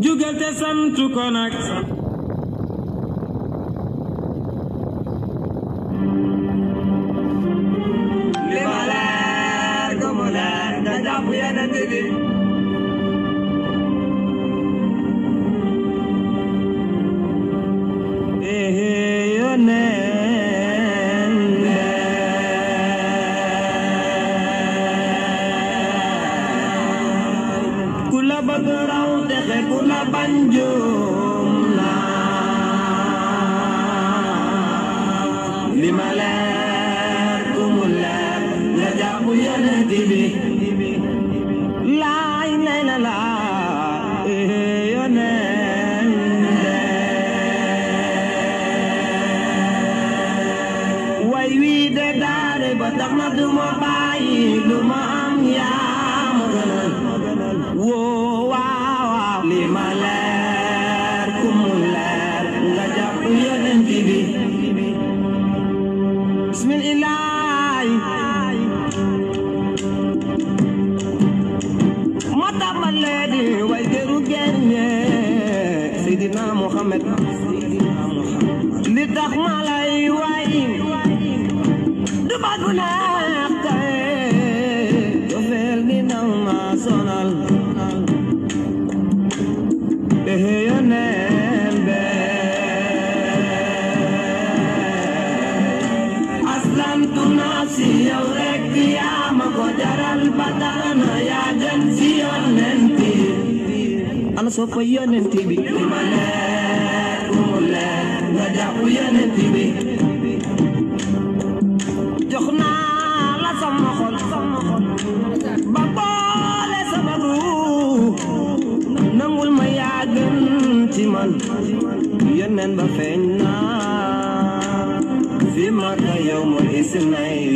jugal te sant ko nag nantu naa si yow rek yaa ma ko jaral ba tax na yaa gën si yonent bi ana soo fa yonent bi li ma leer mu leer nga jàpp yonent bi jox naa la sama xol ba boole sama ruux nangul ma yaa gën ci man yonent ba feeñ naa fi ma yow tonight.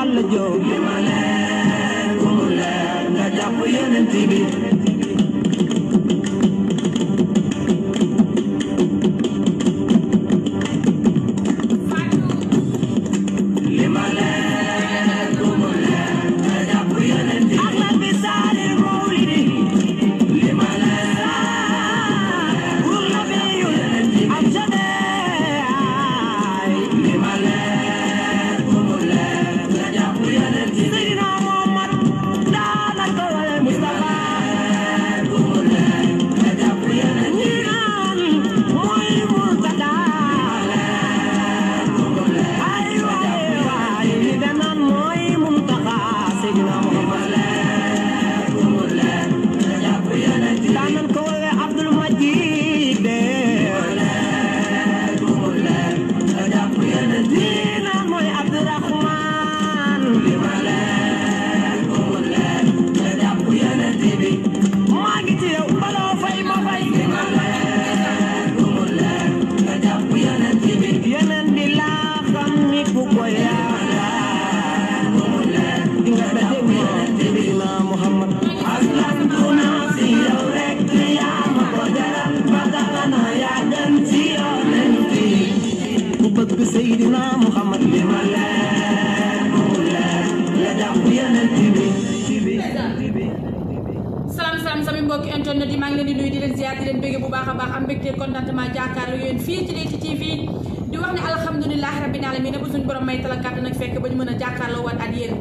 àll joo. li ma leen ku leen nga jàpp yeneen ti bi. mbokk internet yi maa ngi leen di nuyu di leen ziar di leen bëgge bu baax a baax am mbégte contentement jàkkaarloo yéen fii di wax ne alhamdulilahi rabbil alamin ba mën a jàkkaarloo waat ak yéen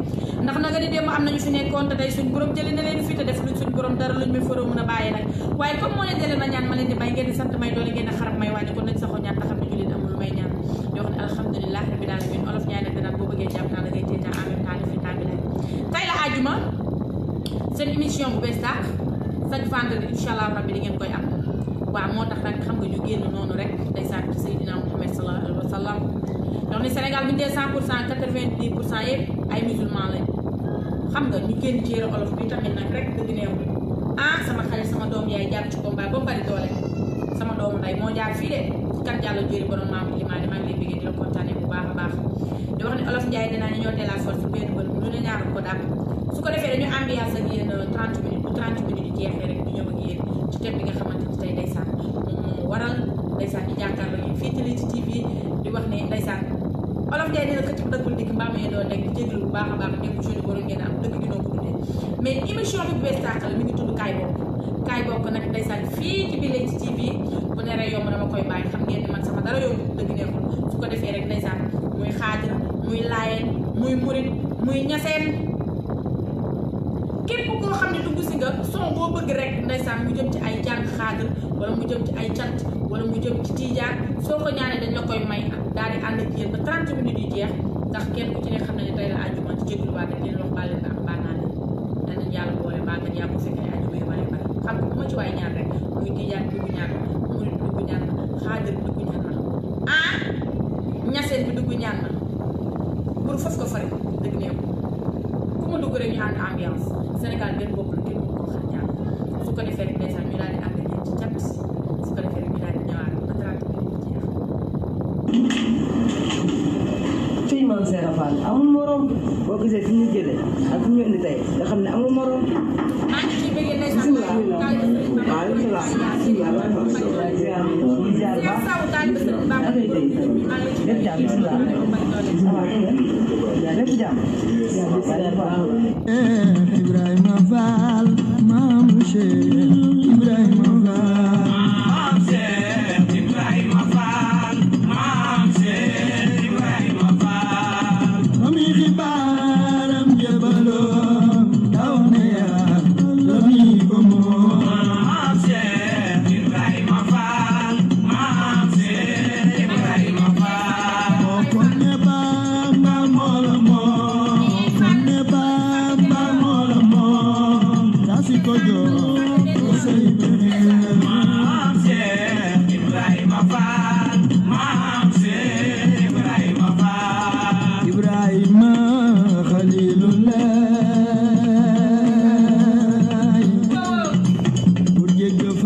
ndax naka di démb am nañu fi nekkoon te tey suñu borom jëli na leen fi te def luñ suñu borom dara luñ may faroo mën a bàyyi nag waaye comme moo leen jëlee ma ñaan ma leen di may ngeen sant may doole ngeen a xarab may waaye kon nañ saxoo ñaan te xam ne jullit amul may ñaan di wax ne alhamdulilahi rabbil alamin olof ñaay da ngay teetaan en même temps li fi chaque vendredi incha allah rabbi di ngeen koy am waaw moo tax rek xam nga ñu génn noonu rek ndeysaan ci Seydina Muhammad sallallahu alayhi wa sallam ndax ni Sénégal bu ñu dee 100 pour cent 90 pour cent yëpp ay musulman lañ xam nga ñu génn ci yére olof bi tamit nag rek dëgg neew ah sama xale sama doom yaay jàpp ci combat ba bari doole sama doomu nday moo jaar fii de kan jàll jëri borom maam limaane maa ngi lay bëggee di la kontaane bu baax a baax di wax ne olof Njaay nee naa ne ñoo teel a force benn bët lu ne ñaar ko dàq su ko defee dañu ambiance ak yéen 30 euh, 30 minutes yi jeexee rek ñu ñëw ak yéen ci thème bi nga xamante ni tey ndeysaan moom moo waral ndeysaan ñu jàkkaarloo ñu fii ci Leewtoo TV di wax ne ndeysaan olof day nee na këcc bu dëkkul dikk mbaa muy doon nekk jégalu bu baax a baax nekk jeune waroon ngeen am dëkk gi noo ko dundee mais émission bi bu bees tàq la mi ngi ànd ak yéen minutes yu jeex ndax kenn ku ci ne xam nañu tey la ci jéglu waa dañ leen wax baal leen ak baal naa leen danañ yàlla boole baal nga yàgg fekk ay àjjuma yu bari bari xam nga bu ci waay ñaan rek muy tijaan bi bu ñaan murit bi bu ñaan na xaadir bi dugg ñaan na ah ñaseen bi dugg ñaan na pour fas ko fari dëgg neeku ku ma dugg rek ñu ànd ambiance Sénégal benn bopp la lo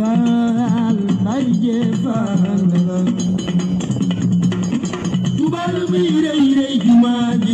faal barje faal tubaal bi rey rey jumaa ji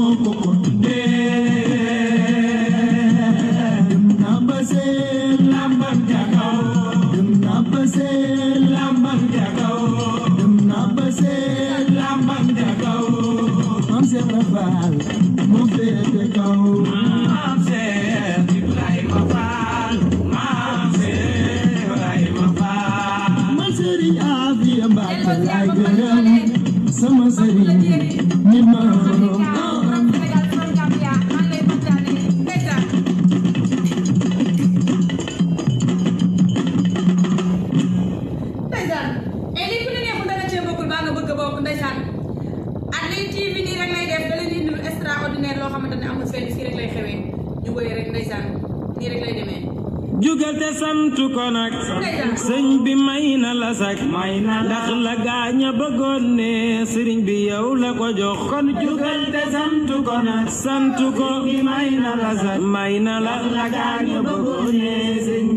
may na ndax la gaaña bëggoon ne sëriñ bi yow la ko jox kon jugal te santu ko nag santu ko may na la sax may la la gaaña bëggoon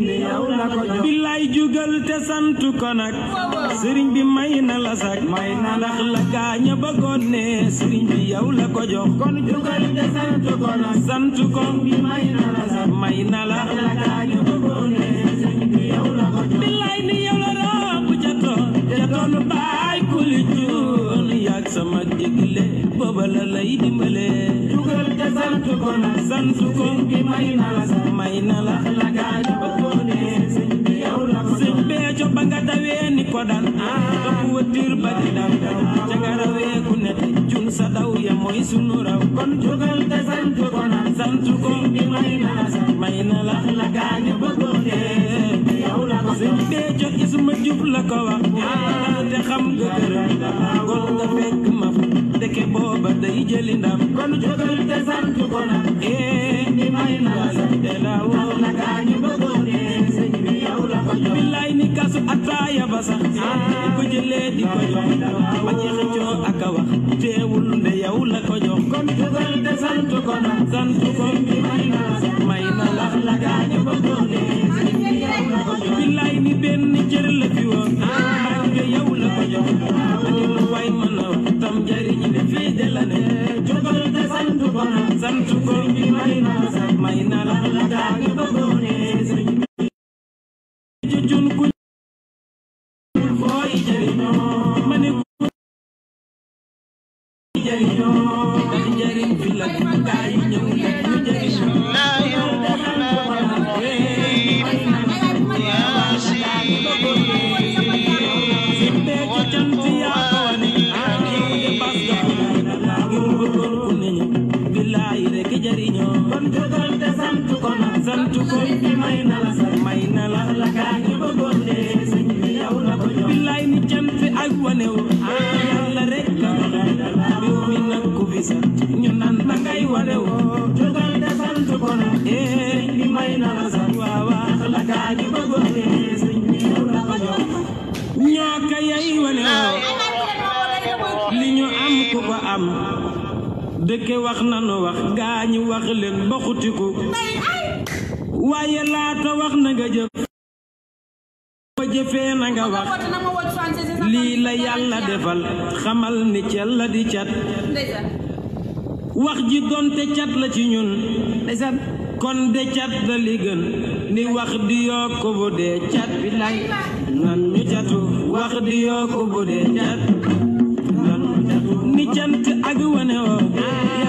bi yow la ko jox billaay jugal te santu ko nag sëriñ bi may la sax may na la gaaña bëggoon ne bi yow la ko jox kon jugal te santu ko santu ko may la sax may la la digle booba la lay dimbale jugal te sant ko na sant ko bi may na la sax may na la la gaañ ba toone sëñ bi yow la ko sëñ bee jo ba nga dawee ni ko daan ah. ëpp wëttir ba di daw ca nga rawee ku ne jun sa daw ya mooy sunu raw kon jugal te sant ko na sant ko bi may na la sax may na la la gaañ ba toone sëñ bee jo isma jub la ko wax ah. te xam nga kër gol nga fekk ma fa tukki booba day jëli ndam kon jógal te sant ko na ee eh, ni may naa la te la woo eh, ni kasu ataaya ba sax ee eh, ko jëlee di ko jox ba teewul nde yow la ko jox kon jógal te sant ko na sant may naa may naa bana zan tuko ki maina zan maina la la da ni bogo ne zan jujun ku foi jarino mani ku jarino jarin filak kai nyum jarino Thank you. billahi rek jariñoo kon jógal te sant ko na sant ko fi may na la sax may na la la gaa ñu bëggoon dee sëñ bi yow la ko ñoo billahi ni cant ay wanew jëkke wax nanu wax gaañi wax leen wax na nga jëf na nga wax lii la yàlla xamal ni cel la ji donte cat la ci kon de cat la li gën ni wax di yokk bu dee cat bi lay nan ñu catu wax di yokk bu dee cat jam to agu one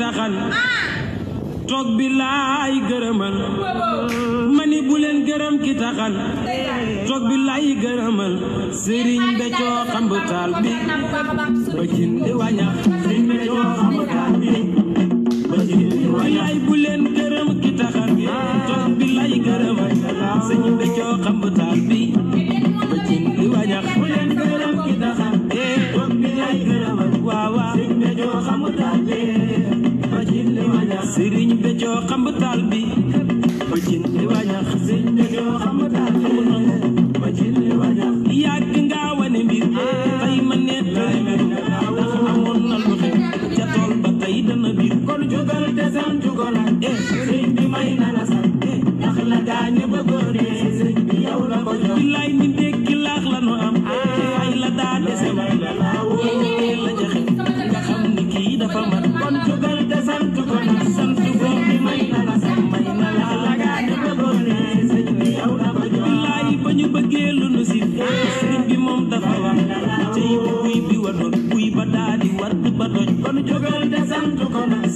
taxal toog bi laay gërëmal mani bu leen gërëm ki taxal toog bi laay gërëmal sëriñ becoo xamb taal bi ba jinde waña sëriñ becoo xamb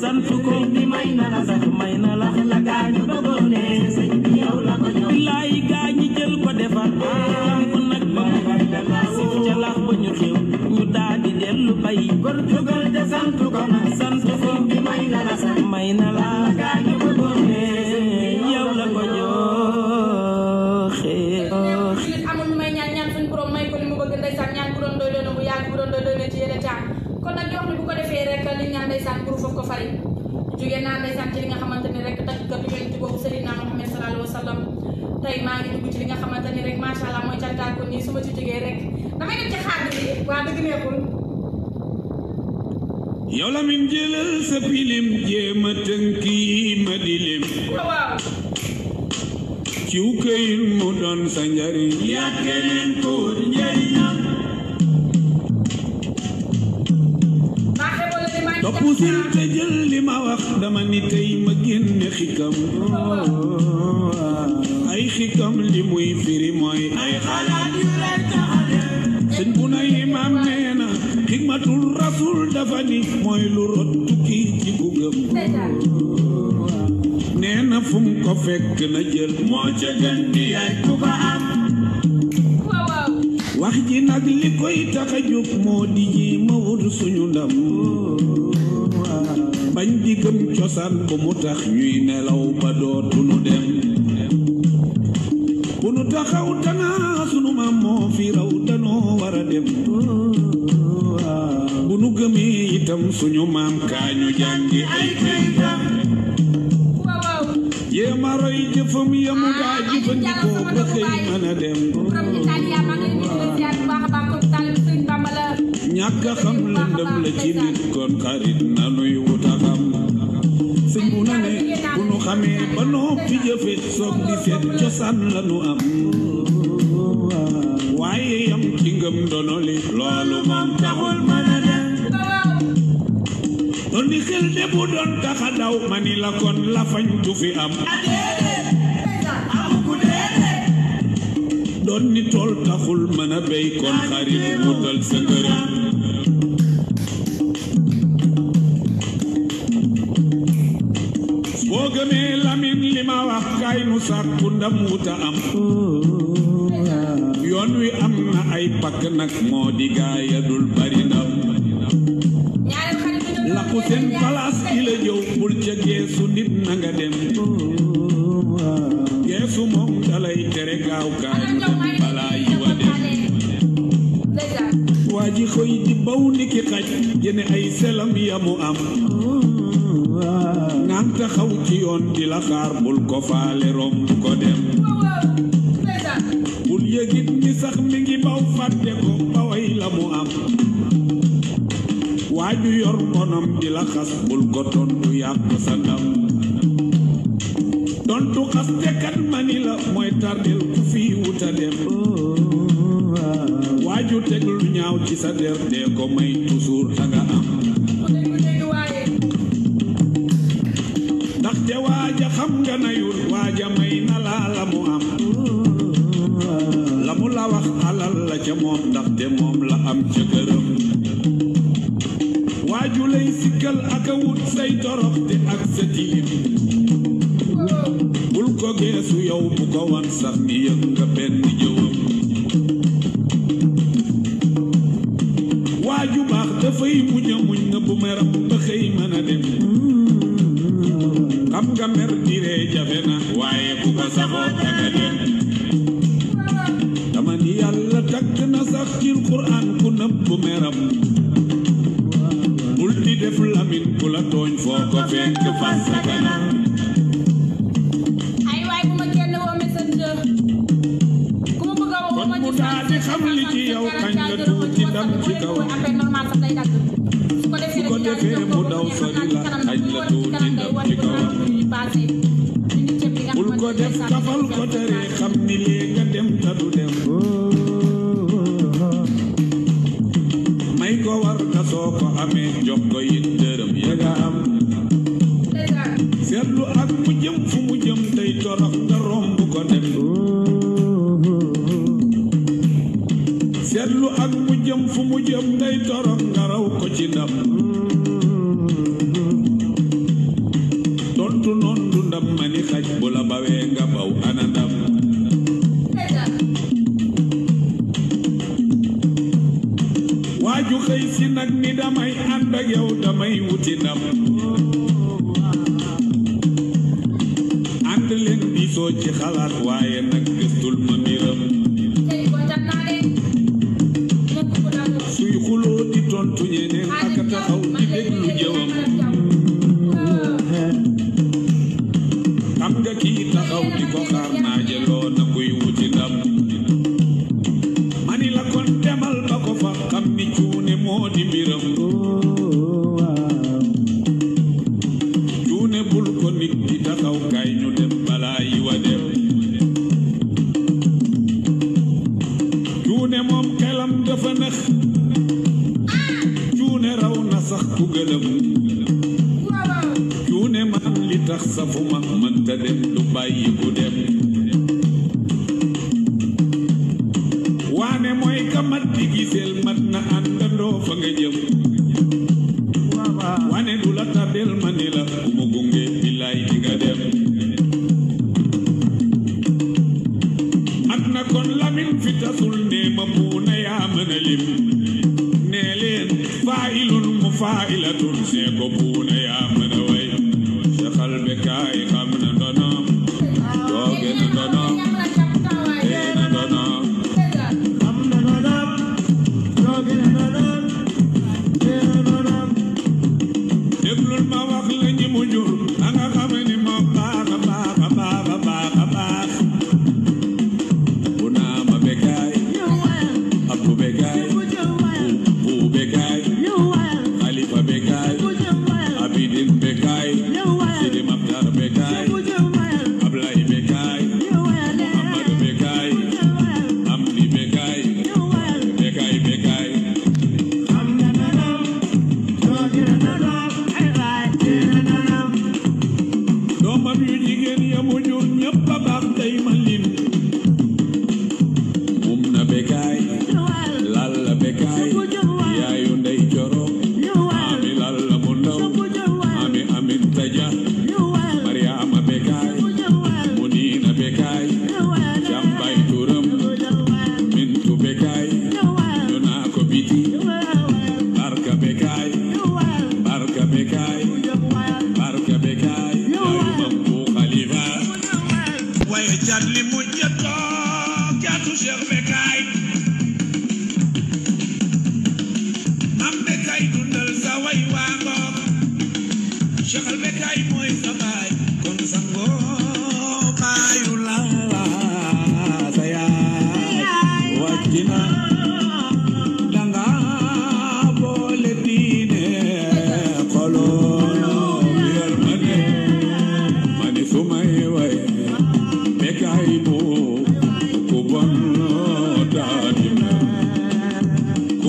sant ko mi may na la sax may na lax la gaañu dogoone sëñ bi yow la ko jox billaay gaañi jël ko defar laa ko nii su ma ci jógee yow la min sa pilim jéem a di lim waaw ciw këyin mu doon sa njariñ yaa keneen Ah, jëfam ñàkk xam lëndëm la ci nit kon xarit na nuy wut a xam bu nu xamee ba noppi jëfe soog di seet cosaan la am waaye yam ci dono li loolu moom taxul mën a dem doon xel de bu doon taxa daw mani la kon la fi am doon ni tool taxul mën kon xarit mu dal sa këram boo gëmee lamin li ma wax kaay nu ndam wuta am yoon wi am na ay pakk nag moo di Dakar bul ko faale rom ko dem bul yegit ni sax mi ngi baw fatte ko baway la mu am waju yor bonam di la khas bul ko tontu yak sa ndam tontu khas te kan manila moy tardel ku fi wuta dem waju teg lu ñaaw ci sa der de ko may toujours daga am kanayul waaja may na laa la mu am la mu la wax alal la ca moom ndaxte moom la am ca këram waaju lay sikkal ak a wut say toroxte ak sa tilim bul ko geesu yow bu ko wan sax ni yëg nga benn sëy si nag ni damay ànd ak damay wuti ndam ànd leen diisoo ci xalaat waaye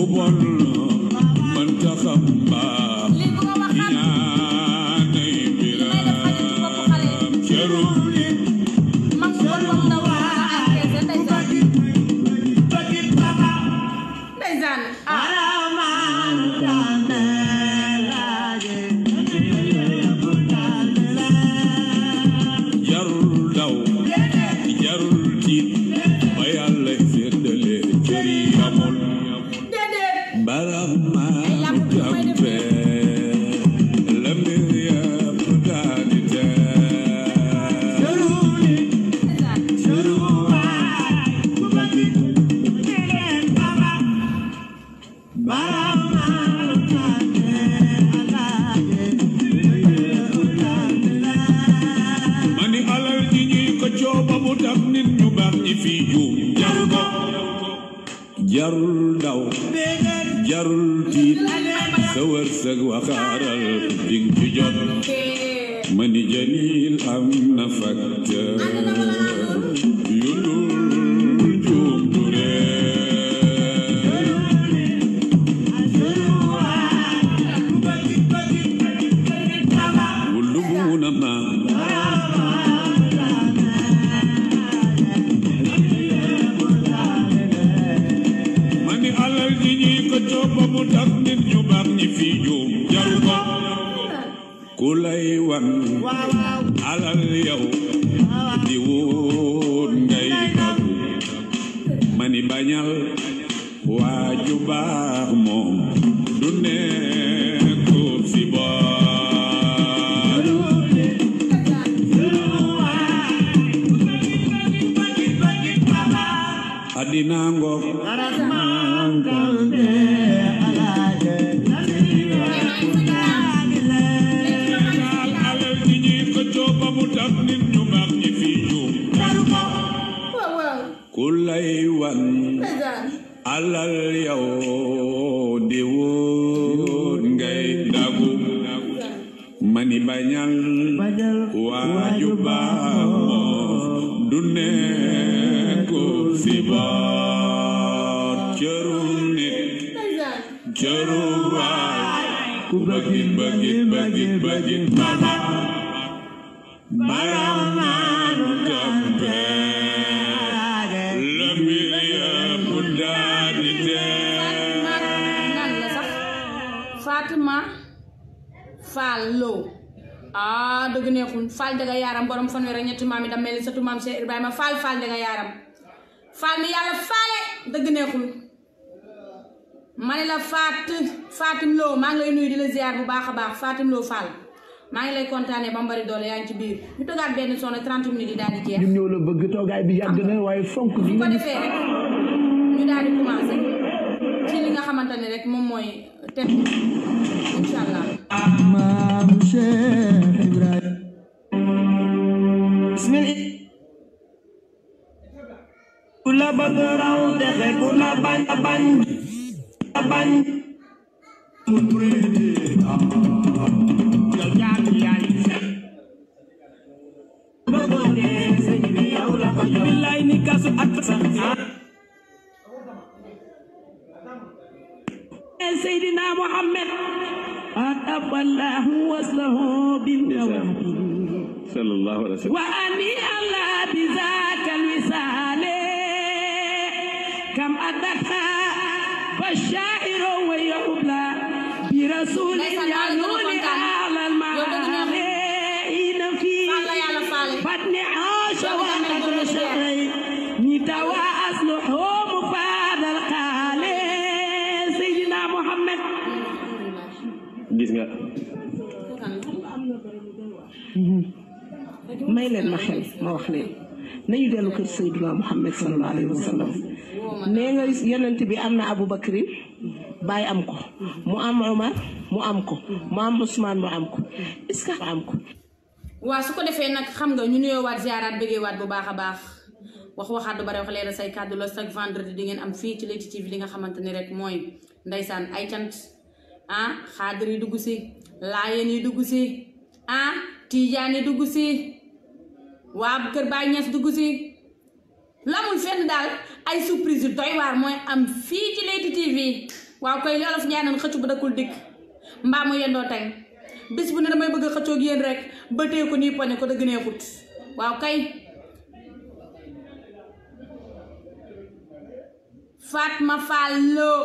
ku man ca bañal waaju baax moom du ñetti maam yi da mel ni sëtu maam Cheikh Ibrahima faal faal da nga yaaram faal mi yàlla faale dëgg neexul ma ne la faat Fatim maa ngi lay nuyu di la ziar bu baax a baax Fatim Lo maa ngi lay kontaanee ba mu bari doole yaa ngi ci biir ñu toogaat benn sonn 30 minutes yi daal di jeex. ñun ñoo la bëgg toogaay bi yàgg na waaye fonk bi. su ko defee rek ñu daal di commencé ci li nga xamante ne rek moom mooy thème incha allah. بدراو دغه ګنا بند بند بند بالله نكاس أكثر سيدنا محمد أتقى الله وصله بالنواب صلى الله عليه وسلم وأني الله بذلك كم أقدرها فالشاعر ويقبل برسول يلون على المعالين في فتن عاش وقدر رشقين نتوى أصلحهم فهذا الخالي سيدنا محمد بسم الله ما leen ما xel ma wax leen الله dellu kër Seydina الله sallallahu alayhi nee nga yonent bi am na Aboubacrin bàyyi am ko mu am Omar mu am ko mu am Ousmane mu am ko est am ko. waaw su ko defee nag xam nga ñu nuyoowaat ziaraat bëggeewaat bu baax a baax wax waxaat du bare wax leeral say kàddu la chaque vendredi di ngeen am fii ci Leewtoo TV li nga xamante ne rek mooy ndeysaan ay cant ah xaadir yi dugg si laayeen yi dugg si ah tiijaan yi dugg si waa kër Baay Ñas dugg si. lamul fenn daal ay surprise yu doy waar mooy am fii ci Leyti TV waaw koy li olof ñaaneen xëccu bu dëkkul dikk mbaa mu yendoo tey bis bu ne damay bëgg a xëccoog yéen rek ba ko nii poñe ko dëgg neexut waaw kay Fatma ma loo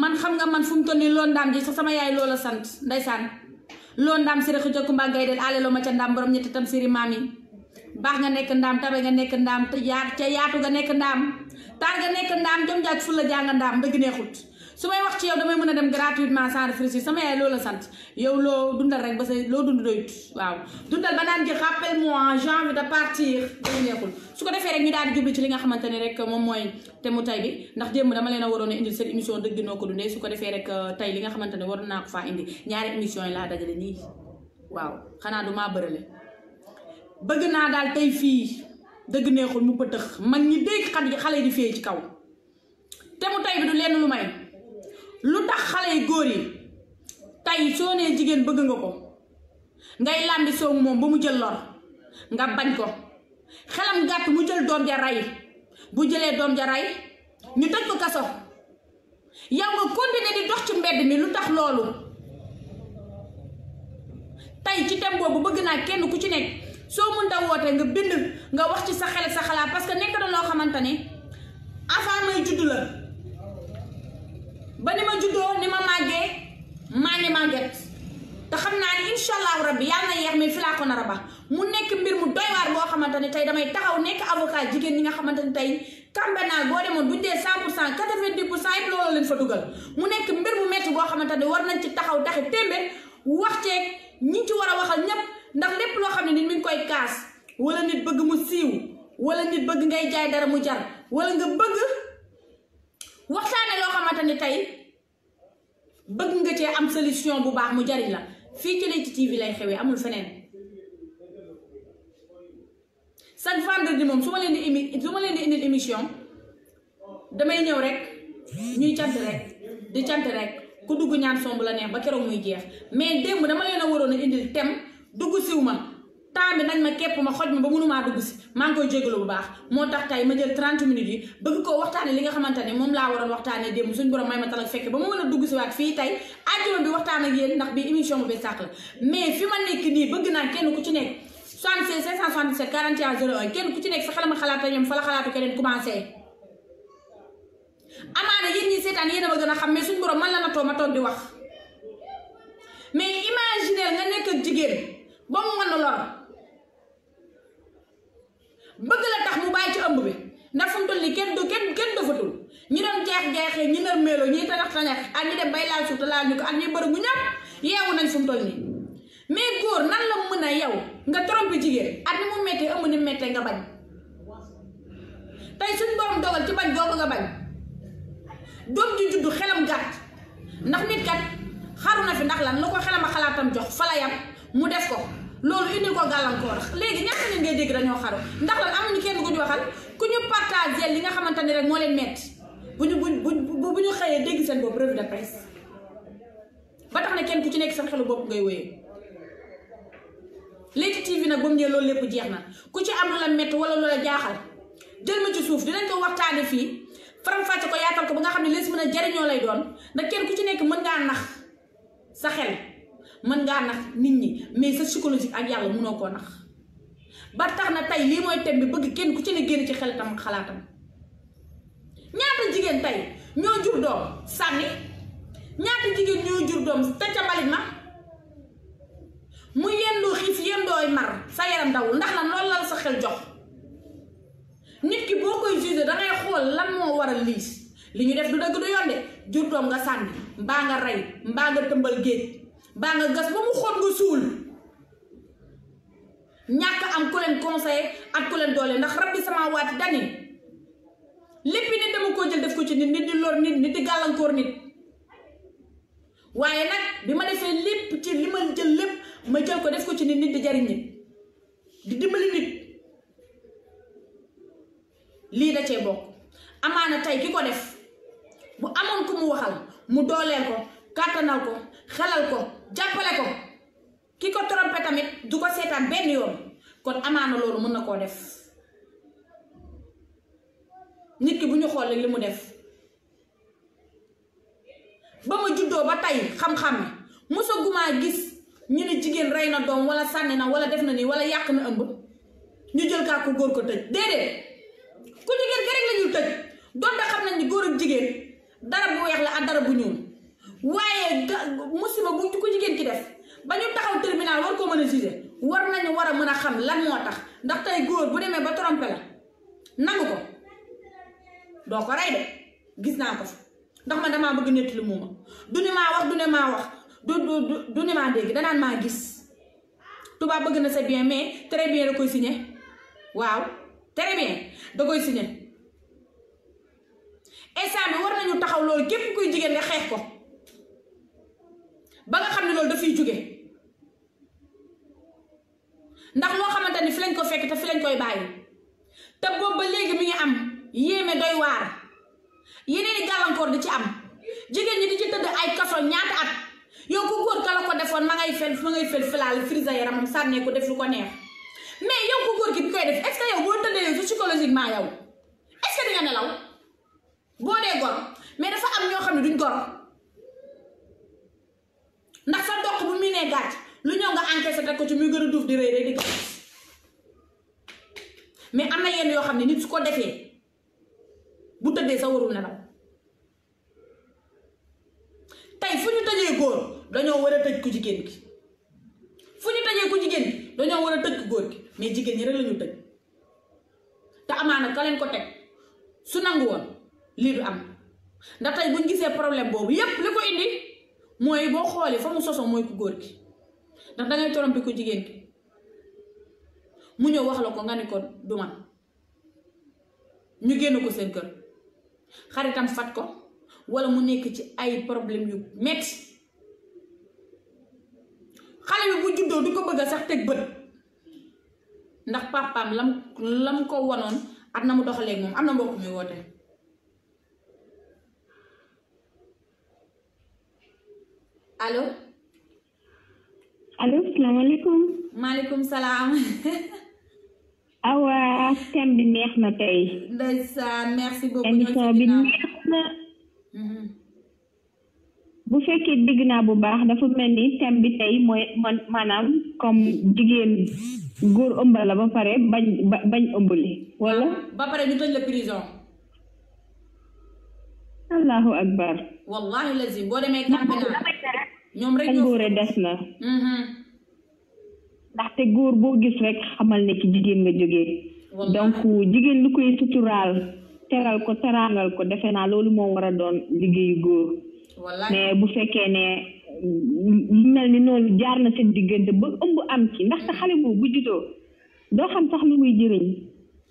man xam nga man fu mu toll nii loo ndaam ji sa sama yaay loola sant ndeysaan loo ndaam si rek xëccoog mbaa gay del ale loo ma ca ndaam borom ñetti tam siri maam yi baax nga nekk ndaam tabe nga nekk ndaam te yaat ca nekk ndaam taar nga nekk ndaam jom jaaj fu la jàng ndaam dëgg neexul su may wax ci yow damay mën a dem gratuitement sans réfléchir sama yaay loo la sant yow loo dundal rek ba sa loo dund doyut waaw dundal ba naan ji rappelle moi j'ai envie de partir dëgg neexul su ko defee rek daal di ci li nga xamante ne rek moom mooy te mu tay bi ndax démb dama leen a waroon a indil seen émission dëgg noo ko dundee su ko defee rek euh, tay li nga xamante ne war naa ko faa indi ñaari émission yi laa dajale nii waaw xanaa du maa bëgg na dal tay fi dëgg neexul mu pëtëx man ñi dégg xalé di fee ci kaw té mu tay bi du lenn lu may lu tax xale yi góor yi tey soo nee jigéen bëgg nga ko ngay lambi so mom bu mu jël lor nga bañ ko xelam gatt mu jël doom ja ray bu jëlé doom ja ray ñu tëj ko kasso yow nga continuer di dox ci mbéd mi lu tax loolu ci tém bobu bëgg na kenn ku ci nekk so mënta wote nga bind nga wax ci sa xel sa xala parce que nek na lo xamante ne may judd la ba ni ma juddo ni ma magge maa ngi màgget te xam ni inshallah rabbi yàlla na yeex fi la ko nar mu nek mbir mu doy war bo xamante tay damay taxaw nek avocat jigen ni nga xamante tay kambena kambe naa boo demoon buñ dee cent pour cent quatre vingt fa duggal mu nek mbir mu metti bo war nañ ci taxaw taxé témbé wax ñi ci wara waxal ndax lepp lo xamni ne nit mi ngi koy kaas wala nit bëgg mu siiw wala nit bëgg ngay jaay dara mu jar wala nga bëgg waxtane lo xamantani tay bëgg nga ci am solution bu baax mu jarri la fi ci ci TV lay xewé amul fenen san fandre di mom, suma leen di imi suma leen di indil émission damay ñew rek ñuy tiant rek di tiant rek ku dugg ñaan somb la neex ba keroog muy jeex mais dem dama leena na indil dugg siw ma temps bi nañ ma képp ma xoj ma ba mënumaa dugg si maa ngi koy jégalu bu baax moo tax tey ma jël 30 minutes yi bëgg koo waxtaane li nga xamante ne moom laa waroon waxtaane démb suñ borom may ma talak fekke ba ma mën a dugg si waat fii tey àjjuma bi waxtaan ak yéen ndax bi émission bu bees sàq la mais fi ma nekk nii bëgg naa kenn ku ci nekk 76 577 41 01 kenn ku ci nekk sa xelama xalaat ñoom fa la xalaatu keneen commencé amaana yéen ñi seetaan yéen a ma gën a xam mais suñ borom man la na too ma toog di wax mais imaginer ba mu mën lor bëgg la tax mu bay ci ëmb bi ndax fu mu kenn du kenn kenn do fatul ñi don jeex jeex ñi neur melo ñi tax tañax ak ñi dem bay laal su te laal ñu ko ak ñi bërëgu ñëpp yewu nañ fu mu mais góor nan la mëna a yow nga trompe jigeen at ni mu metti ëmb ni metti nga bañ tay suñ borom dogal ci bañ gogo nga bañ dom ji juddu xelam gatt ndax nit kat xaru na fi ndax lan lako xelama xalatam jox fala yam mu def ko loolu indil ko gàllankoor léegi ñaata nit ngay dégg dañoo xaru ndax lan amuñu kenn ku ñu waxal ku ñu partagé li nga xamante ni rek moo leen metti bu ñu bu bu ñu xëyee dégg seen bopp revue de presse ba tax na kenn ku ci nekk seen xelu bopp ngay wéyee Leewtoo TV nag ba mu ñëwee loolu lépp jeex na ku ci am lu la wala lu jël ma ci suuf dinañ ko waxtaane fii faram-fàcce ko yaatal ko nga xam ne lees mën a jariñoo lay doon ndax kenn ku ci nekk mën ngaa nax sa xel. mën ngaa nax nit ñi mais sa psychologique ak yàlla mënoo koo nax ba tax na tey lii mooy thème bi bëgg kenn ku ci ne génn ci xelitam xalaatam ñaata jigéen tey ñoo jur doom sànni ñaata jigéen ñoo jur doom te ca mbalit ma mu yendoo xiif yendooy mar sa yaram dawul ndax lan loolu la sa xel jox nit ki boo koy jugé dangay xool lan moo waral lii li ñu def du dëgg du yoon de jur doom nga sànni mbaa nga rey mbaa nga tëmbal géej baa nga gas ba mu xoot nga suul ñàkk am ku leen conseillé ak ku leen doole ndax rabbi sama waati dani lépp nit dama koo jël def ko ci nit nit di lor nit nit di gàllankoor nit waaye nag bi ma defee lépp ci li ma jël lépp ma jël ko def ko ci nit nit di jariñ nit di dimbali nit lii da cee bokk amaana tey ki ko def bu amoon ko mu waxal mu dooleel ko kàttanal ko xelal ko jàppale ko ki ko trompé tamit du ko seetaan benn yoon kon amaana loolu mën na koo def nit ki bu ñu xoolee li mu def ba ma juddoo ba tey xam-xam ne mosaguma gis ñu ne jigéen rey na doom wala sànni na wala def na nii wala yàq na ëmb ñu jël kaa ko góor ko tëj déedéet ku jigéen ka rek la ñuy tëj xam nañ ni góor jigéen dara bu weex la ak dara bu ñuul. waaye ga musiba bu ko jigéen ki def ba ñu taxaw tribunal war koo mën a juger war nañu war a mën a xam lan moo tax ndax tey góor bu demee ba trompé la nangu ko doo ko rey de gis naa ko fi ndax man damaa bëgg nett lu muuma du ne maa wax du ne maa wax du du du ne maa dégg danaan maa gis tubaab bëgg na c'est bien mais très bien da koy signé waaw très bien da koy signé instant bi war nañu taxaw loolu képp kuy jigéen nga xeex ko. ba nga xam ne loolu dafay jóge ndax loo xamante ni fi lañ ko fekk te fi lañ koy bàyyi te boobu ba léegi mi ngi am yéeme doy waar yeneen i gàllankoor di ci am jigéen ñi di ci tëdd ay kaso ñaata at yow ku góor ka la ko defoon ma ngay fel ma ngay fel filaal frisa yaramam sànnee ko def lu ko neex mais yow ku góor ki bi koy def est yow boo tëddee yow psychologiquement yow est ce que di nga nelaw boo dee gor mais dafa am ñoo xam ne duñ gor. ndax sa doq bu mu nee gàcc lu ñëw nga encaissé teg ko ci muy gën a duuf di rëy rek di ko mais am na yenn yoo xam ne nit su ko defee bu tëddee sa warul nelaw tey fu ñu tëjee góor dañoo war a tëj ku jigéen gi fu ñu tëjee ku jigéen gi dañoo war a tëj góor gi mais jigéen ñi rek la ñu tëj te amaana ka leen ko teg su nangu woon lii du am ndax tey buñ gisee problème boobu yépp li ko indi. moy bo xolé fa mu sosoo mooy ku gor gi ndax dangay torompi ku jigen gi mu ñëw wax la ko nga ni ko du man ñu genn ko seen kër xaritam fat ko wala mu nekk ci ay problème yu metti xalé bi bu juddo du ko bëgg sax tek ndax papam lam lam ko wonon atna mu doxale ak mom amna mbokk mi wote Halo. Halo, assalamualaikum. علیکم وعلیکم awa askan bi neex na tey ndeysaan merci beaucoup émission bi neex na mhm. bu fekkee digna bu baax dafa melni ni thème bi tay moy manam comme jigéen góor ëmb la ba pare bañ bañ ëmbali wala ah, ba pare ñu tëj la prison allahu akbar wallahi lazim góore des na mm-hmm. ndaxte góor boo gis rekk xamal ne ci jigéen nga jógee donc jigéen lu koy suturaal teral ko teraangal ko defe naa loolu moo war a doon liggéeyu góor mais bu fekkee ne lu mel ni noonu jaar na seen diggante ba ëmb am ci ndaxte xale boobu juddoo doo xam sax lu muy jëriñ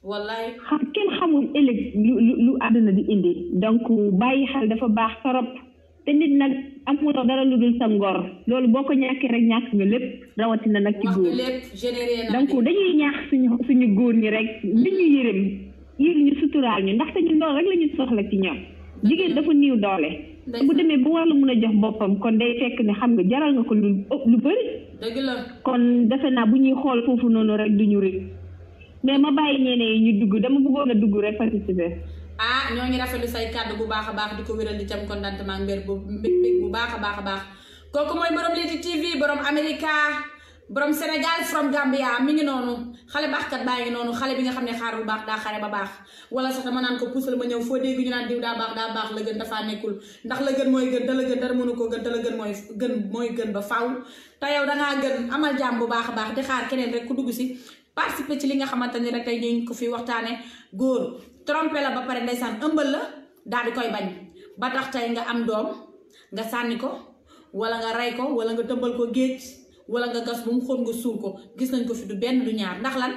wallaay xam kenn xamul ëllëg lu lu àdduna di indi donc bàyyi xel dafa baax torop te nit nag amuloo dara lu dul sa ngor loolu boo ko ñàkkee rek ñàkk nga lépp rawatina nag ci góor donc dañuy ñaax suñu suñu góor ñi rek li ñu yërëm yërëm ñu suturaal ñu ndaxte ñu loolu rek la ñu soxla ci ñoom jigéen dafa niiw doole bu demee bu war la mun a jox boppam kon day fekk ni xam nga jaral nga ko lu lu bëri kon defe naa bu ñuy xool foofu noonu rek duñu rëy mais ma bàyyi ñeneen ñu dugg dama bëggoon na dugg rek participer ah ñoo ngi rafetlu say kàddu bu baaxa baax diko wëral di cam contentement mbir bu mbir bu baaxa baaxa baax koku moy borom Leewtoo TV borom America borom Senegal, from Gambia mi ngi noonu xale kat baay ngi nonu xale bi nga xam xaar bu baax da xare ba baax wala sax dama nan ko poussel ma ñew fo dégg ñu nan diw da baax da baax la gën dafa nekkul ndax la gën moy gën da la gën dar mënu ko gën da la gën moy gën moy gën ba faaw yow nga gën amal bu baax baax di xaar keneen rek ku dugg ci participer ci li nga xamanteni ni rek tay dañ ko fi waxtane goor tromper la ba pare ndaysan ëmbal la dal di koy bañ ba tax tay nga am doom nga sànni ko wala nga ray ko wala nga tëmbal ko geej wala nga gas bu mu nga sul ko gis nañ ko fi du benn du ñaar ndax lan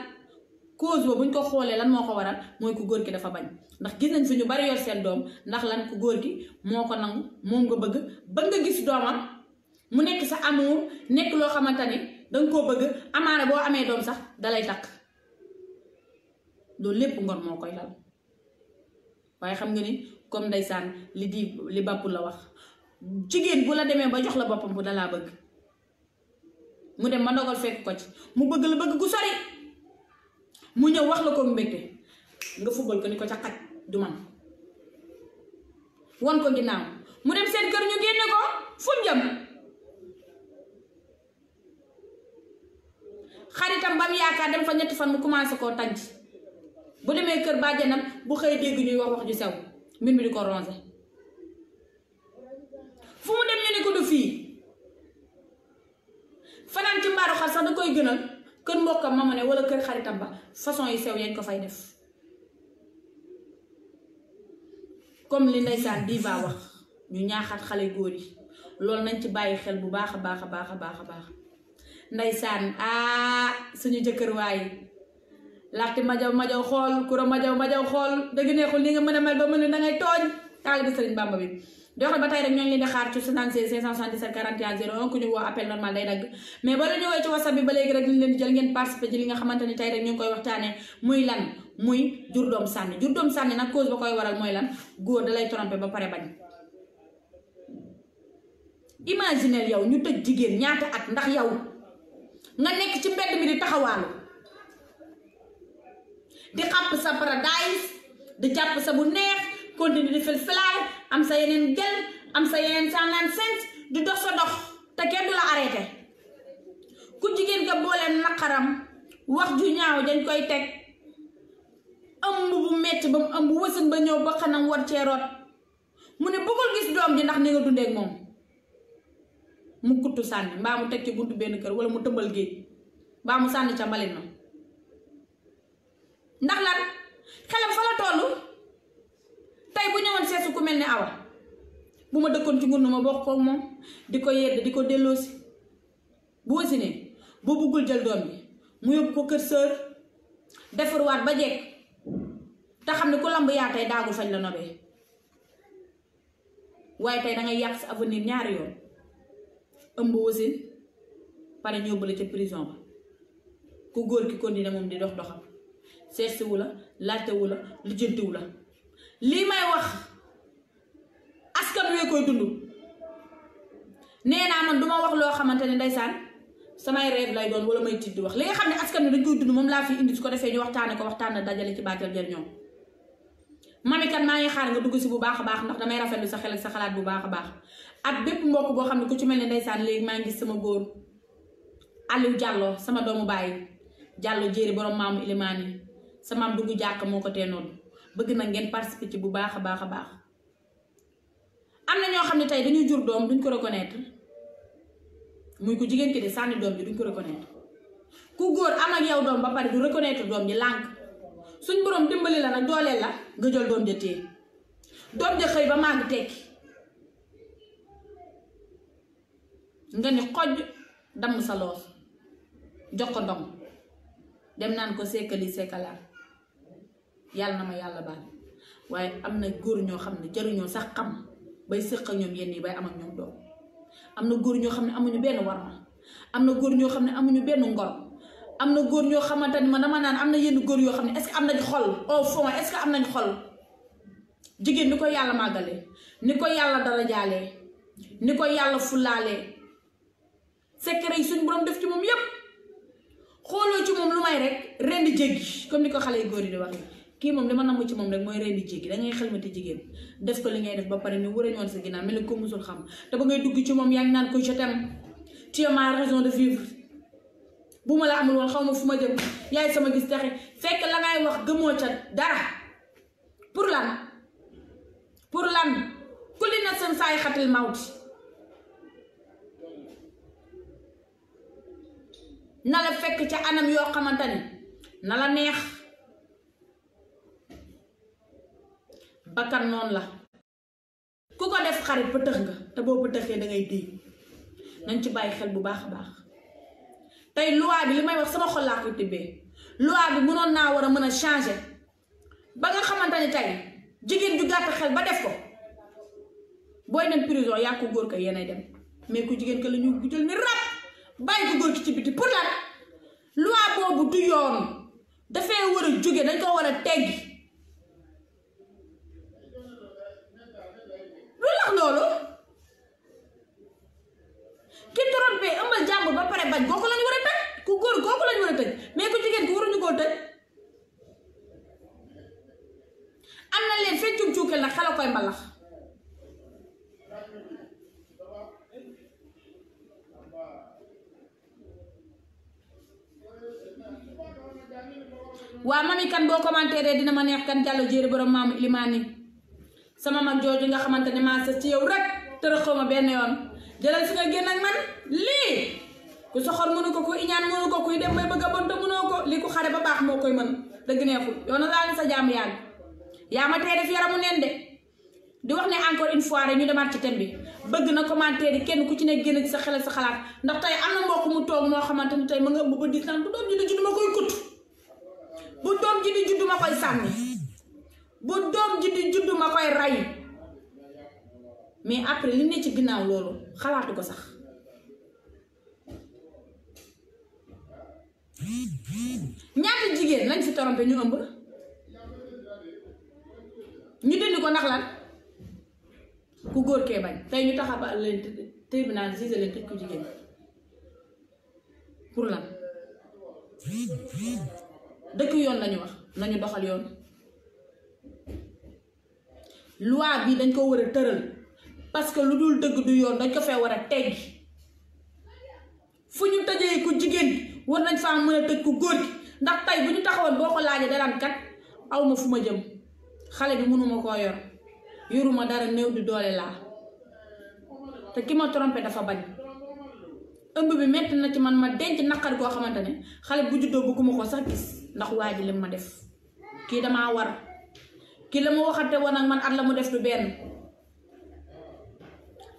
cause bo buñ ko xolé lan moko waral moy ku goor ki dafa bañ ndax gis nañ fi ñu bari yor seen doom ndax lan ku goor ki moko nang mom nga bëgg ba nga gis doomam mu nekk sa amour nekk lo danga koo bëgg amaana boo amee doom sax dalay takk loolu lépp ngor moo koy lal waaye xam nga ni comme ndeysaan li di li bàpp la wax jigéen bu la demee ba jox la boppam bu dalaa bëgg mu dem ma ndogal fekk ko ci mu bëgg la bëgg gu sori mu ñëw wax la ko mbégte nga fubal ko ni ko ca xaj du man won ko ginnaaw mu dem seen kër ñu génne ko fu jëm xaritam ba mu yaakaar dem fa ñetti fan mu commencé koo tànc bu demee kër bàjjanam bu xëy dégg ñuy wax wax ju sew mbir mi di ko rongé fu mu dem ñu ne ko fii fanaan ci mbaaru xar sax da koy gënal kër mbokkam ma wala kër xaritam ba façon yi sew yañ ko fay def comme li ndeysaan diva wax ñu ñaaxaat xale góor yi loolu nañ ci bàyyi xel bu baax a baax a baax a baax a baax ndeysaan ah suñu jëkkër waay laxti majaw majaw xool kura majaw majaw xool dëgg neexul nii nga mën a mel ba mën ne da ngay tooñ taalibe sëriñ Bamba bi doxal ba tey rek ñoo ngi leen di xaar ci 76 577 41 01 ku ñu woo appel normal mais ba la ñu woowee rek leen jël ngeen participer ci li nga xamante ni tey rek ñu ngi koy waxtaanee muy lan muy jur doom sànni jur doom sànni nag cause ba koy waral mooy lan góor da lay trompé ba pare bañ imaginel yow ñu tëj jigéen ñaata at ndax yow nga nek ci mbedd mi di taxawal di xàpp sa paradise di japp sa bu neex continue di fel felaay am sa yenen gel am sa yenen sanan sent di dox sa dox te kenn dula la arrêté ku jigen ga booleen nakaram wax ju ñaaw dañ koy tek ëmb bu metti bam mu ëmb wësin ba ñëw ba xanam war ci rot mune ne gis doom ji ndax ne nga ak mom mu kuttu sanni mbaa mu tekki buntu ben keur wala mu tëmbal ge ba mu sanni ca mbalit ndax lan xelam fa la tollu tay bu ñewon sesu ku melni awa bu ma ci ngunuma bokk ak di yedd diko delosi bu wasine boo buggul jël doom bi mu yob ko seur defur wat ba jek ta xamni ku lamb ya tay daagul fañ la nobe waye tay da avenir ñaar yoon ëmb wasin pare ñu yóbbu la ca prison ba ku góor ki continué moom di dox doxam seet si wu la laajte wu la lijjanti wu la lii may wax askan wee koy dund nee naa man duma wax loo xamante ne ndeysaan samay rêve lay doon wala may tiit di wax li nga xam ne askan wi dañ koy dund moom laa fi indi su ko defee ñu waxtaane ko waxtaan na dajale ci bàccal jariñoo mami kat maa ngi xaar nga dugg si bu baax a baax ndax damay rafetlu sa xel ak sa xalaat bu baax a baax ak bépp mbokk bo xamni ku ci melni ndaysan ndeysaan ma ngi sama goor Aliou Diallo sama doomu baye Diallo jéeri borom maamu Ilimani sama am duggu jakk moko ko teenoon bëgg na ngeen participer ci bu baax a baax amna ño xamni tay dañuy jur doom duñ ko reconnaître muy ko jigen ki de sanni doom bi duñ ko reconnaître ku goor am ak yow doom ba pare du reconnaître doom bi lank suñ borom dimbali la nak dooleel la nga jël doom ja doom je xey ba mag nga ni xoj damm sa loof jox ko ndong dem naan ko sekkali sekkalaat yàlla na ma yàlla baal waaye am na góor ñoo xam ne jaruñoo sax xam bay sëq ñoom yenn yi bay am ak ñoom doom am na góor ñoo xam ne amuñu benn war am na góor ñoo xam ne amuñu benn ngor am na góor ñoo xamante ni ma naan am na yenn góor yoo xam ne est am nañ xol au fond ce que am nañ xol jigéen ni ko yàlla màggale ni ko yàlla darajaalee ni ko yàlla fulaalee secret yi suñu borom def ci moom yépp xooloo ci moom lu may rek rendi jéggi comme ni ko xale yu góor yi di waxee kii moom li ma namm ci moom rek mooy rendi jéggi da ngay xelmati jigéen def ko li ngay def ba pare ni war a ñoon sa ginnaaw mel ni ko musul xam te ba ngay dugg ci moom yaa ngi ko je t'aime tu es ma raison bu ma la amul xaw ma fu ma jëm yaay sama gis taxe fekk la ngay wax gëmoo ca dara pour lan pour lan kulli na seen saay xatil mawti na la fekk ca anam yoo xamante ni na la neex bakkan noonu la ku ko def xarit pëtëx nga te boo pëtëxee dangay déy nañ ci bàyyi xel bu baax a baax tey loi bi li may wax sama xol laa koy tibbee loi bi mënoon naa war a mën a changer ba nga xamante ni tey jigéen ju gàtt xel ba def ko booy dem prison yaa ko góor ko yéenay dem mais ku jigéen ka la ñu jël ni rab bàyyi ko góor gi ci biti pour lan loi boobu du yoon dafay war a jóge dañ ko war a teggi lu lax loolu ki trompé ëmbal jàmbur ba pare bañ kooku lañu war a tëj ku góor kooku lañu war a tëj mais ku jigéen ku waruñu koo tëj am na leen fee cuub cuukeel nag xala koy mbalax waa mami kan boo commentaire dina ma neex kan jàllo jéeri borom maamu ilimaan yi sama mag jooju nga xamante ne maa sës ci yow rek tërëxoo ma benn yoon jëlal si nga génn ak man lii ku soxor mënu ko ku iñaan mënu ko kuy dem bay bëgg a bon te mënoo ko li ku xare ba baax moo koy mën dëgg neexul yow na laa sa jaamu yàgg yaa ma tey def yaramu neen de di wax ne encore une fois rek ñu demaat ci thème bi bëgg na commentaire yi kenn ku ci ne génn ci sa xelal sa xalaat ndax tey am na mbokk mu toog moo xamante ni tey ma nga bëgg a diis naan bu bu doom ji di juddu ma koy sànni bu doom ji di juddu ma koy rey mais après li ne ci ginnaaw loolu xalaatu ko sax ñaata jigéen lañ fi torompe ñu ëmb ñu dindi ko ndax lan ku góor kee bañ tey ñu taxabal leen tribunal juge leen tëj ku jigéen pour lan dëkk yoon lañu wax nañu doxal yoon loi bi dañ koo war a tëral parce que lu dul dëgg du yoon dañ ko fee war a tegg fu ñu tëjee ku jigéen gi war nañ faa mën a tëj ku góor gi ndax tey bu ñu taxawoon boo ko laajee daraan kat awma fu ma jëm xale bi mënuma koo yor yoruma dara néew di doole laa te ki ma trompé dafa bañ ëmb bi metti na ci man ma denc naqar goo xamante ne xale bu juddoo bëgguma ko sax gis ndax waji lim ma def ki dama war ki lama waxate won ak man at lamu def du ben?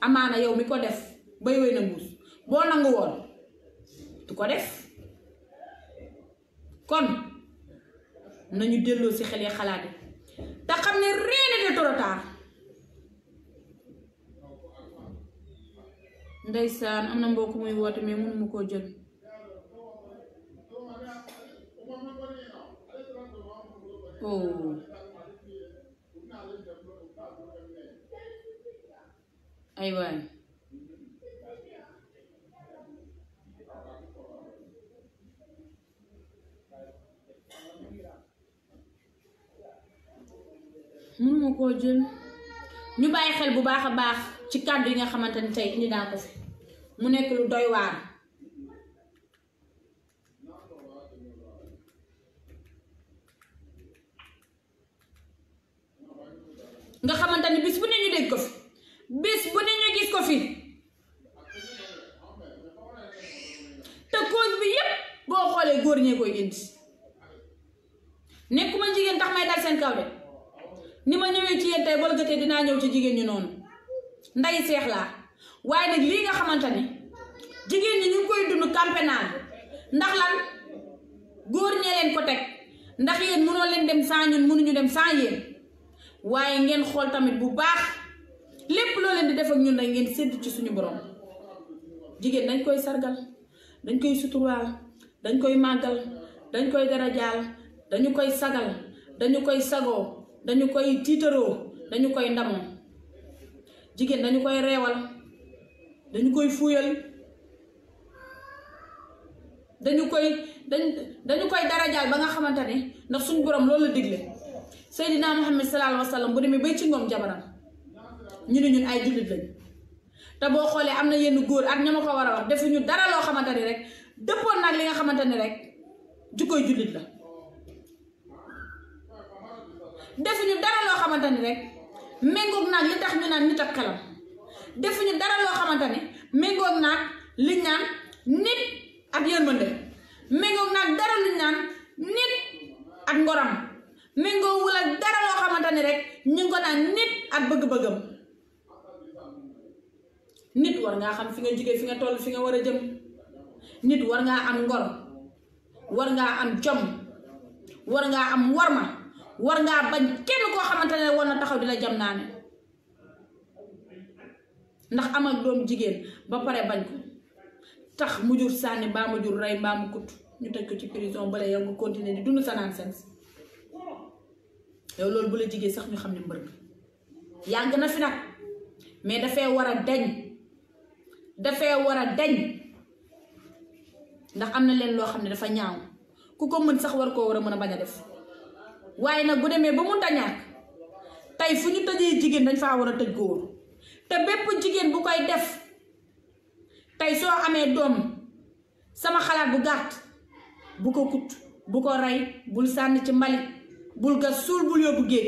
amana yow mi ko def bay way na mbuus bo nang won du ko def kon nañu delo ci xel xalaade ta yi reene de ndeysaan am na mbokk muy woote mais mënu koo jël oh ay waay mënu koo jël ñu bàyyi xel bu baax a baax ci kàddu yi nga xamante ni tey indi naa ko fi mu nekk lu doy waar nga xamante bis bu ne ñu dégg ko fi bis bu ne ñu gis ko fi te cause bi yépp boo xoolee góor ñee koy indi nekkuma jigéen tax may dal seen kaw de ni ma ñëwee ci yéen tey bol gëtee dinaa ñëw ci jigéen ñi noonu nday seex la waye nak li nga xamantani jigen ni ñi ñu koy dund campagnat ndax lan gor ñee leen ko tek ndax yeen mëno leen dem sa ñun ñu dem sa yeen waye ngeen xol tamit bu baax lepp lo leen di def ak ñun nak ngeen sédd ci suñu borom jigen dañ koy sargal dañ koy suturaal dañ koy magal dañ koy jaal dañ koy sagal dañ koy sago dañ koy titero dañ koy ndamoo jigéen dañu koy reewal dañu koy fuuyal dañu koy dañ dañu koy darajaal ba nga xamante ne ndax suñu boroom loolu la digle Seydina Muhammad sallallahu alayhi sallam bu demee bay ci ngoom jabaram ñu ne ñun ay jullit lañ te boo xoolee am na yenn góor ak ña ma ko war a wax defuñu dara loo xamante ni rek dëppoon nag li nga xamante ni rek jukkoy jullit la defuñu dara loo xamante ni rek. méngoog nak li tax ñu nan nit ak defu ñu dara lo xamantani ni nak li ñaan nit ak yërmande méngoog nak dara li ñaan nit ak ngoram méngoo wala dara lo xamantani rek ñu ko nan nit ak bëgg-bëggam nit war nga xam fi nga jige fi nga toll fi nga wara jëm nit war nga am ngor war nga am jom war nga am warma war ngaa bañ kenn koo xamante ne war na taxaw di la jam naa ne ndax am ak doom jigéen ba pare bañ ko tax mu jur sànni mbaa mu jur rey mbaa mu kut ñu tëj ko ci prison bale yow nga continuer di dund sa naan sens yow loolu bu la jigéen sax ñu xam ne mbër bi yàgg na fi nag mais dafa war a dañ dafa war a dañ ndax am na leen loo xam ne dafa ñaaw ku ko mën sax war koo war a mën a bañ a def waaye nag bu demee ba mun a tey fu ñu tëjee jigéen dañ faa war a tëj góor te bépp jigéen bu koy def tey soo amee doom sama xalaat bu gàtt bu ko kut bu ko rey bul sànni ci mbalit bul gas suul bul yóbbu géej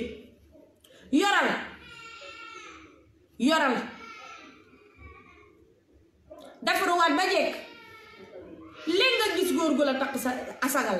yoral yoral defaruwaat ba jekk léegi nga gis góor gu la takk sa asagal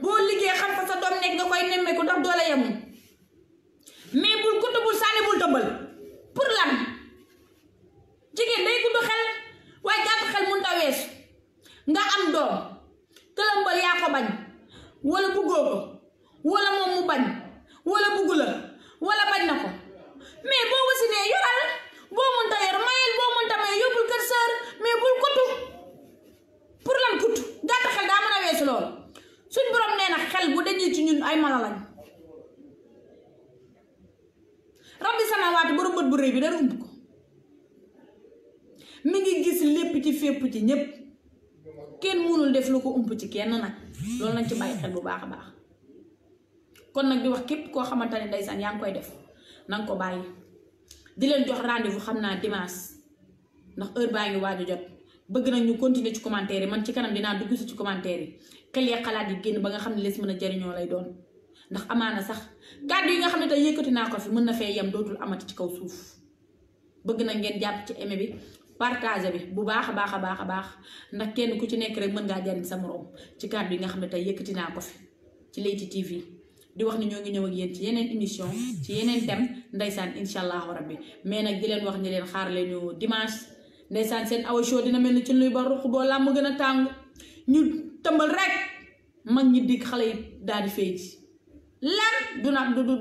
boo liggéey xam fa sa doom nekk nga koy nemmeeku ndax doole yemul mais bul gudd bul sànni bul tëmbal pour lan jigéen day gudd xel waaye gàtt xel mun wees nga am doom këlëmbal yaa ko bañ wala buggoo ko wala moom mu bañ wala bugg la wala bañ na ko mais boo wasinee yoral boo mun ta yor boo mun ta yóbbul kër sër mais bul kuttu pour lan kuttu gàtt xel daa mën a wees lool suñ borom neena xel bu dañuy ci ñun ay mala lañ rabbi samawaati borom bu reuy bi da ubb ko mi ngi gis lepp ci fepp ci ñépp kenn mënul def lu ko ump ci kenn nak lool nañ ci bàyyi xel bu baax baax kon nak di wax képp ko xamantani ndaysan yang koy def nang ko bàyyi di leen jox rendez-vous xamna dimanche ndax heure baangi waju jot bëgg nañ ñu continuer ci commentaire man ci kanam dina dugg ci commentaire xelee xalaat yi génn ba nga xam ne lees mën a jariñoo lay doon ndax amaana sax kàddu yi nga xam ne tey yëkkati naa ko fi mën na fee yem dootul amati ci kaw suuf bëgg na ngeen jàpp ci aimé bi partage bi bu baax a baax a baax a baax ndax kenn ku ci nekk rek mën ngaa jariñ sa morom ci kàddu yi nga xam ne tey yëkkati naa ko fi ci Leyti TV di wax ne ñoo ngi ñëw ak yéen ci yeneen émission ci yeneen thème ndeysaan incha allahu rabbi mais nag di leen wax ni leen xaar leen ñu dimanche ndeysaan seen awa show dina mel ni ci luy ba ruq boo làmm gën a tàng ñu tëmbal rek mag ñi dig xale yi daal di fay ci du na du du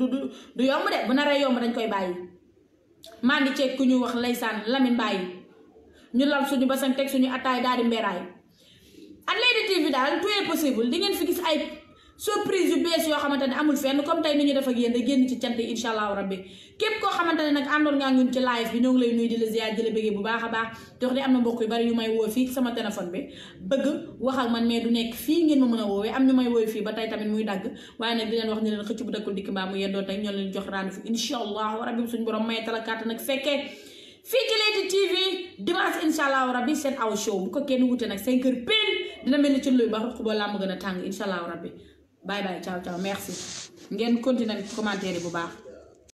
du yomb de bu naree yomb dañ koy bàyyi maa ngi ceeg ku ñu wax laysaan Lamine Mbaye ñu lal suñu basan teg suñu attaay daal di mbeeraay ak Leewtoo TV daal tout est possible di ngeen fi gis ay surprise yu bees yoo xamante ne amul fenn comme tey ni ñu def ak yéen da génn ci cant yi incha allahu rabbi képp koo xamante ne nag àndoon ngaa ñun ci live bi ñoo lay bu baax a baax dox di am na sama téléphone bi bëgg wax ak man mais nekk fii ngeen ma mën a woowee am ñu may wooy fii ba tey tamit muy dagg waaye nag di leen wax ne leen xëcc bu dëkkul dikk mbaa mu yendoo tey ñoo leen jox rendez-vous incha allahu rabbi suñu borom may seen aw bu ko kenn wute nag 5 heures pile dina mel ni ci luy ba xuq boo làmb gën a tàng incha allahu rabbi bye bye ciao ciao merci ngeen continuer commentaire bu baax.